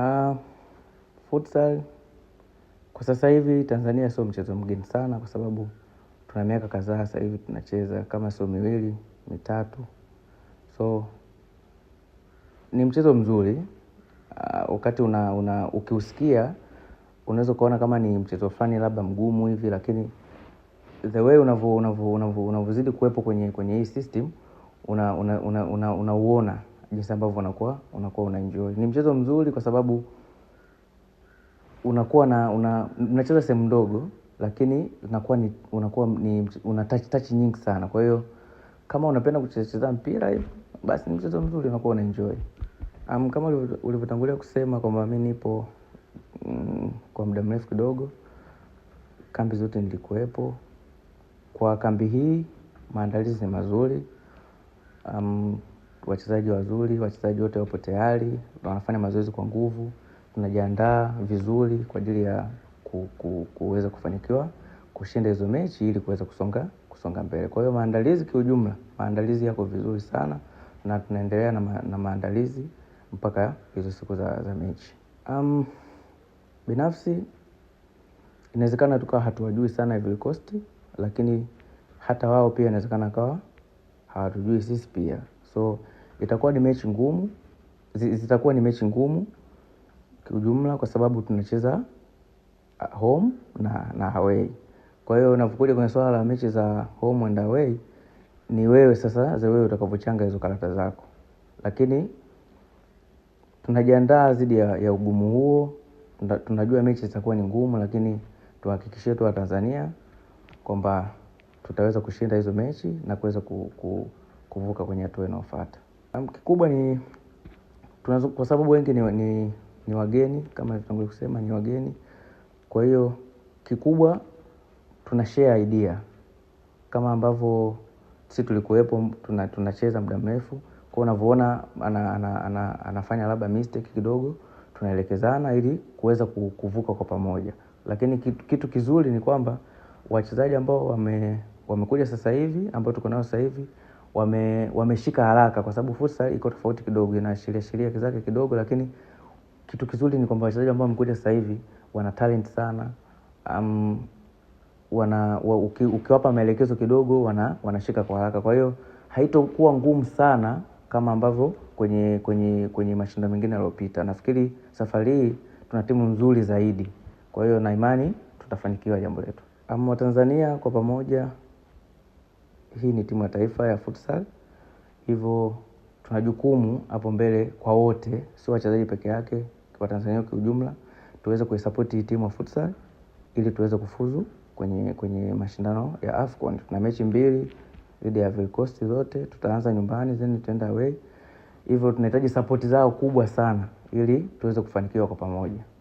Ah, futsal kwa sasa hivi Tanzania sio mchezo mgeni sana, kwa sababu tuna miaka kadhaa sasa hivi tunacheza, kama sio miwili mitatu, so ni mchezo mzuri ah, wakati una, una ukiusikia unaweza ukaona kama ni mchezo fulani labda mgumu hivi, lakini the way unavyozidi kuwepo kwenye, kwenye hii system unauona una, una, una, una jinsi ambavyo unakuwa unakuwa unaenjoy. Ni mchezo mzuri kwa sababu unakuwa na una, mnacheza sehemu ndogo lakini unakuwa ni, unakuwa ni, una touch, touch nyingi sana. Kwa hiyo kama unapenda kucheza mpira hivi basi ni mchezo mzuri unakuwa unaenjoy. Um, kama ulivyotangulia kusema kwamba mi nipo mm, kwa muda mrefu kidogo, kambi zote nilikuwepo. Kwa kambi hii maandalizi ni mazuri um, wachezaji wazuri, wachezaji wote wapo tayari, wanafanya mazoezi kwa nguvu, tunajiandaa vizuri kwa ajili ya ku, ku, kuweza kufanikiwa kushinda hizo mechi ili kuweza kusonga kusonga mbele. Kwa hiyo maandalizi kiujumla, maandalizi yako vizuri sana na tunaendelea na, ma, na maandalizi mpaka hizo siku za, za mechi. Um, binafsi inawezekana tukawa hatuwajui sana vilikosti lakini hata wao pia inawezekana kawa hawatujui sisi pia so itakuwa ni mechi ngumu, zitakuwa ni mechi ngumu kiujumla, kwa sababu tunacheza home na, na away. Kwa hiyo unapokuja kwenye swala la mechi za home and away, ni wewe sasa za wewe utakavyochanga hizo karata zako, lakini tunajiandaa dhidi ya, ya ugumu huo. Tunajua mechi zitakuwa ni ngumu, lakini tuhakikishie tu Watanzania kwamba tutaweza kushinda hizo mechi na kuweza ku, ku, kuvuka kwenye hatua inayofuata. Kikubwa ni tunazo, kwa sababu wengi ni, ni, ni wageni kama nilivyotangulia kusema ni wageni. Kwa hiyo kikubwa tuna share idea kama ambavyo sisi tulikuwepo, tuna, tunacheza muda mrefu kwa unavyoona ana, ana, ana, anafanya labda mistake kidogo, tunaelekezana ili kuweza kuvuka kwa pamoja. Lakini kitu, kitu kizuri ni kwamba wachezaji ambao wame, wamekuja sasa hivi ambao tuko nao sasa hivi wame, wameshika haraka, kwa sababu futsal iko tofauti kidogo, ina sheria sheria zake kidogo, lakini kitu kizuri ni kwamba wachezaji ambao wamekuja sasa hivi wana talent sana um, wana wa, uki, ukiwapa maelekezo kidogo wana, wanashika kwa haraka, kwa hiyo haitokuwa ngumu sana kama ambavyo kwenye kwenye kwenye mashindano mengine yaliyopita. Nafikiri safari hii tuna timu nzuri zaidi, kwa hiyo na imani tutafanikiwa jambo letu. Ama Tanzania kwa pamoja hii ni timu ya taifa ya futsal, hivyo tuna jukumu hapo mbele kwa wote, sio wachezaji peke yake, kwa Tanzania kwa ujumla, tuweze kuisapoti hii timu ya futsal ili tuweze kufuzu kwenye, kwenye mashindano ya AFCON. Tuna mechi mbili dhidi ya Ivory Coast zote, tutaanza nyumbani then tutaenda away, hivyo tunahitaji sapoti zao kubwa sana ili tuweze kufanikiwa kwa pamoja.